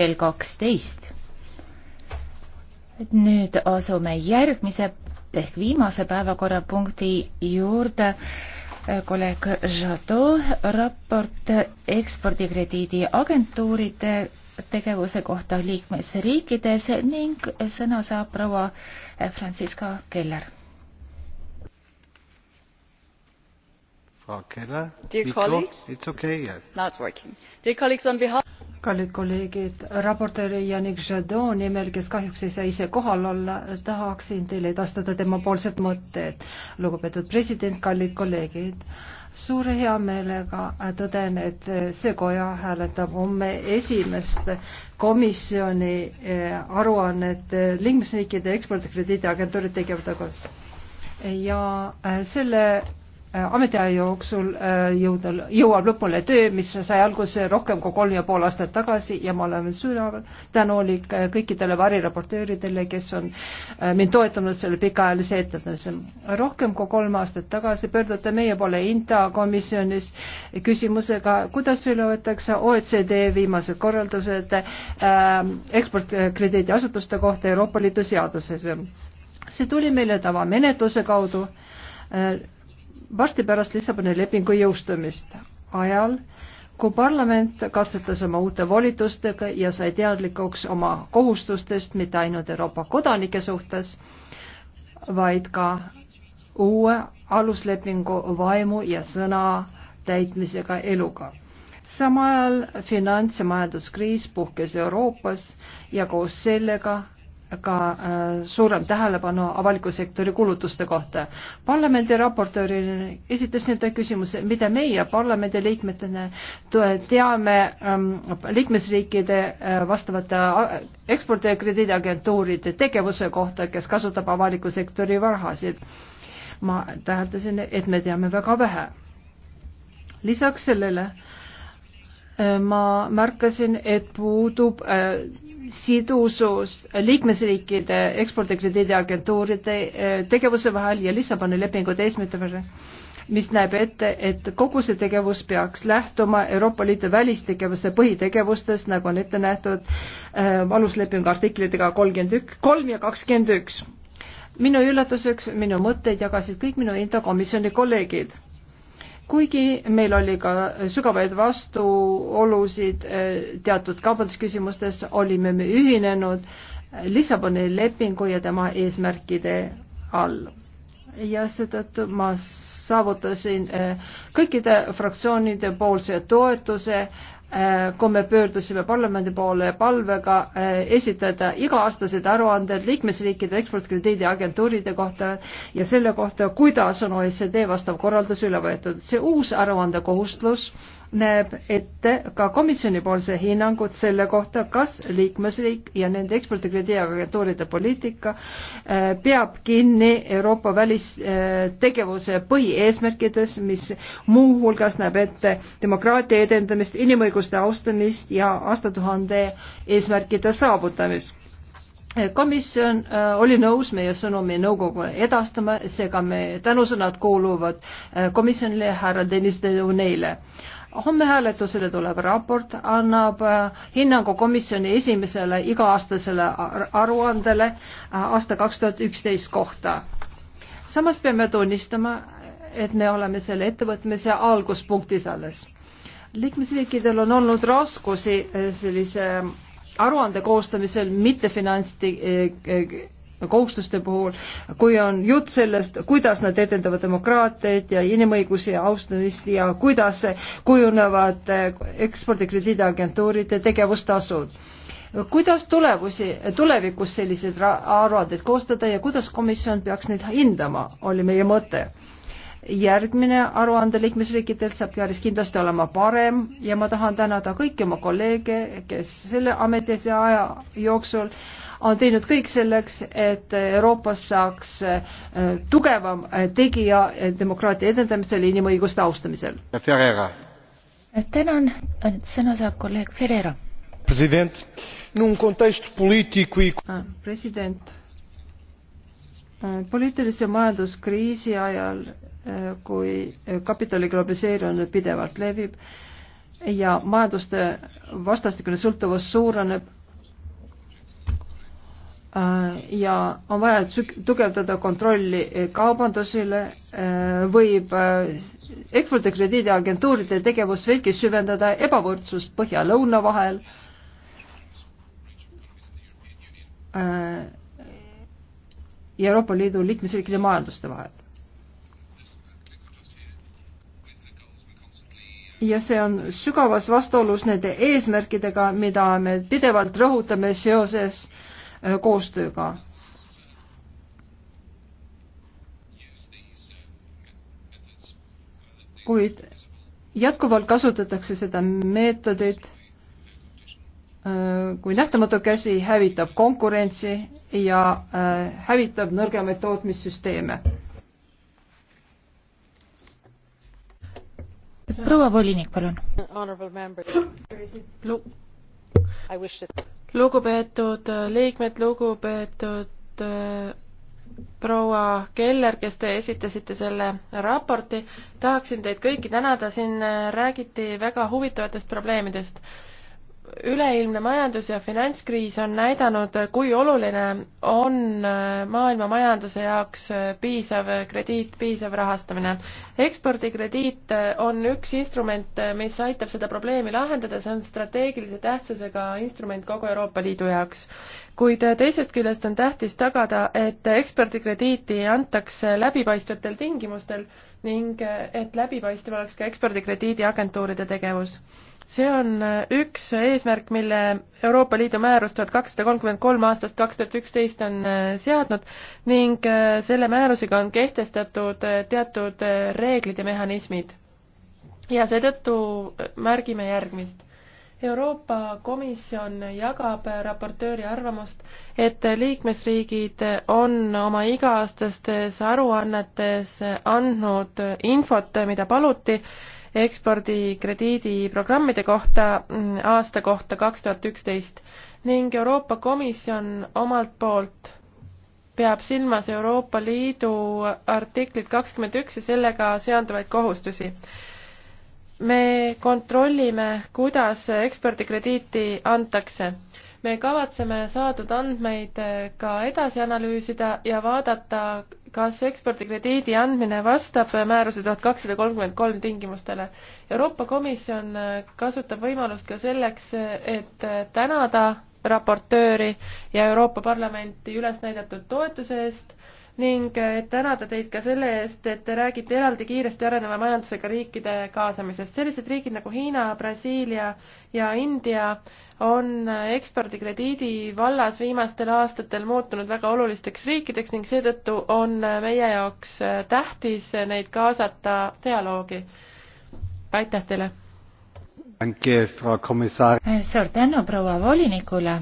kell kaksteist. nüüd asume järgmise ehk viimase päevakorrapunkti juurde. kolleeg Jadot raport ekspordikrediidi agentuuride tegevuse kohta liikmesriikides ning sõna saab proua Franziska Keller. Frau Keller, Dear Mikro, colleagues, it's okay, yes. Now it's working. Dear colleagues, on behalf kallid kolleegid, raportööri Janik Žadon nimel, kes kahjuks ei saa ise kohal olla, tahaksin teile edastada temapoolsed mõtted. lugupeetud president, kallid kolleegid, suure heameelega tõden, et see koja hääletab homme esimest komisjoni eh, aruannet liikmesriikide ekspordikrediidiagentuuri tegevuse kohta ja eh, selle Äh, ametiaja jooksul äh, jõuda, jõuab lõpule töö, mis sai alguse rohkem kui kolm ja pool aastat tagasi ja ma olen südamal tänulik äh, kõikidele variraportööridele, kes on mind toetanud selle pikaajalise ettevõtluse. rohkem kui kolm aastat tagasi pöördute meie poole INTA komisjonis küsimusega, kuidas üle võetakse OECD viimased korraldused äh, eksportkrediidiasutuste kohta Euroopa Liidu seaduses. see tuli meile tavamenetluse kaudu äh, varsti pärast Lissaboni lepingu jõustumist, ajal, kui parlament katsetas oma uute volitustega ja sai teadlikuks oma kohustustest mitte ainult Euroopa kodanike suhtes, vaid ka uue aluslepingu vaimu ja sõna täitmisega eluga. samal ajal finants- ja majanduskriis puhkes Euroopas ja koos sellega ka äh, suurem tähelepanu avaliku sektori kulutuste kohta. parlamendi raportöörina esitas nende küsimuse, mida meie parlamendi liikmetena teame ähm, liikmesriikide äh, vastavate äh, ekspordi- ja krediidiagentuuride tegevuse kohta, kes kasutab avaliku sektori rahasid. ma täheldasin, et me teame väga vähe. lisaks sellele äh, ma märkasin, et puudub äh, sidusus liikmesriikide ekspordikrediidi agentuuride äh, tegevuse vahel ja Lissaboni lepingu teismete vahel, mis näeb ette, et kogu see tegevus peaks lähtuma Euroopa Liidu välistegevuse põhitegevustest, nagu on ette nähtud äh, aluslepingu artiklitega kolmkümmend üks, kolm ja kakskümmend üks. minu üllatuseks minu mõtteid jagasid kõik minu enda komisjoni kolleegid kuigi meil oli ka sügavaid vastuolusid eh, teatud kaubandusküsimustes, olime me ühinenud Lissaboni lepingu ja tema eesmärkide all. ja seetõttu ma saavutasin eh, kõikide fraktsioonide poolse toetuse äh, Äh, kui me pöördusime parlamendi poole palvega äh, esitada iga-aastased aruanded liikmesriikide eksportkrediidi agentuuride kohta ja selle kohta, kuidas on OECD vastav korraldus üle võetud. see uus aruandekohustus äh, näeb ette ka komisjonipoolse hinnangut selle kohta, kas liikmesriik ja nende ekspordikrediidiagentuuride poliitika äh, peab kinni Euroopa välistegevuse äh, põhieesmärkides, mis muuhulgas näeb ette demokraatia edendamist, inimõiguste austamist ja aastatuhande eesmärkide saavutamist komisjon äh, oli nõus meie sõnumi nõukogule edastama, seega me tänusõnad kuuluvad komisjonile härra Deniss Deuneile homme hääletusele tulev raport annab äh, hinnangu komisjoni esimesele iga-aastasele aruandele äh, aasta kaks tuhat üksteist kohta. samas peame tunnistama, et me oleme selle ettevõtmise alguspunktis alles. liikmesriikidel on olnud raskusi äh, sellise aruande koostamisel mittefinantsi eh, eh, kohustuste puhul, kui on jutt sellest, kuidas nad edendavad demokraatiat ja inimõigusi ja austamist ja kuidas kujunevad eh, ekspordikrediidiagentuuride tegevustasud. kuidas tulevusi, tulevikus selliseid aruandeid koostada ja kuidas komisjon peaks neid hindama, oli meie mõte järgmine aruande liikmesriikidelt saab päris kindlasti olema parem ja ma tahan tänada kõiki oma kolleege, kes selle ametisse aja jooksul on teinud kõik selleks, et Euroopas saaks äh, tugevam äh, tegija äh, demokraatia edendamisel, inimõiguste austamisel. tänan, sõna saab kolleeg Ferreira. president, num contexto politico e president, poliitilise majanduskriisi ajal kui kapitali globaliseerumine pidevalt levib ja majanduste vastastikune sõltuvus suureneb äh, ja on vaja tugevdada kontrolli kaubandusele, äh, võib äh, ekspordi krediidiagentuuride tegevus veelgi süvendada ebavõrdsust põhja-lõuna vahel ja Euroopa Liidu liikmesriikide majanduste vahel ja see on sügavas vastuolus nende eesmärkidega, mida me pidevalt rõhutame seoses äh, koostööga. kuid jätkuvalt kasutatakse seda meetodit, äh, kui nähtamatu käsi hävitab konkurentsi ja äh, hävitab nõrgemaid tootmissüsteeme proua volinik, palun. lugupeetud äh, liikmed, lugupeetud äh, proua Keller, kes te esitasite selle raporti, tahaksin teid kõiki tänada, siin äh, räägiti väga huvitavatest probleemidest üleilmne majandus- ja finantskriis on näidanud, kui oluline on äh, maailma majanduse jaoks äh, piisav krediit, piisav rahastamine. ekspordikrediit äh, on üks instrument, mis aitab seda probleemi lahendada, see on strateegilise tähtsusega instrument kogu Euroopa Liidu jaoks. kuid teisest küljest on tähtis tagada, et ekspordikrediiti antakse läbipaistvatel tingimustel ning et läbipaistev oleks ka ekspordikrediidiagentuuride tegevus see on äh, üks eesmärk, mille Euroopa Liidu määrus tuhat kakssada kolmkümmend kolm aastast kaks tuhat üksteist on äh, seadnud ning äh, selle määrusega on kehtestatud teatud reeglid ja mehhanismid. ja seetõttu märgime järgmist. Euroopa Komisjon jagab raportööri arvamust, et liikmesriigid on oma iga-aastastes aruannetes andnud infot, mida paluti, ekspordikrediidiprogrammide kohta mm, aasta kohta kaks tuhat üksteist ning Euroopa Komisjon omalt poolt peab silmas Euroopa Liidu artiklit kakskümmend üks ja sellega seonduvaid kohustusi. me kontrollime, kuidas ekspordikrediiti antakse me kavatseme saadud andmeid äh, ka edasi analüüsida ja vaadata, kas ekspordikrediidi andmine vastab äh, määruse tuhat kakssada kolmkümmend kolm tingimustele. Euroopa Komisjon äh, kasutab võimalust ka selleks, et tänada raportööri ja Euroopa Parlamenti üles näidatud toetuse eest ning tänada teid ka selle eest, et te räägite eraldi kiiresti areneva majandusega riikide kaasamisest. sellised riigid nagu Hiina, Brasiilia ja India on ekspordikrediidi vallas viimastel aastatel muutunud väga olulisteks riikideks ning seetõttu on meie jaoks tähtis neid kaasata dialoogi. aitäh teile! suur tänu proua volinikule,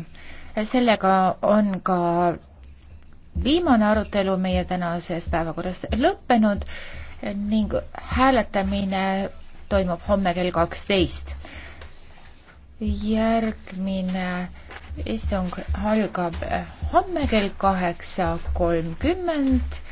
sellega on ka viimane arutelu meie tänases päevakorras lõppenud ning hääletamine toimub homme kell kaksteist. järgmine istung algab homme kell kaheksa kolmkümmend.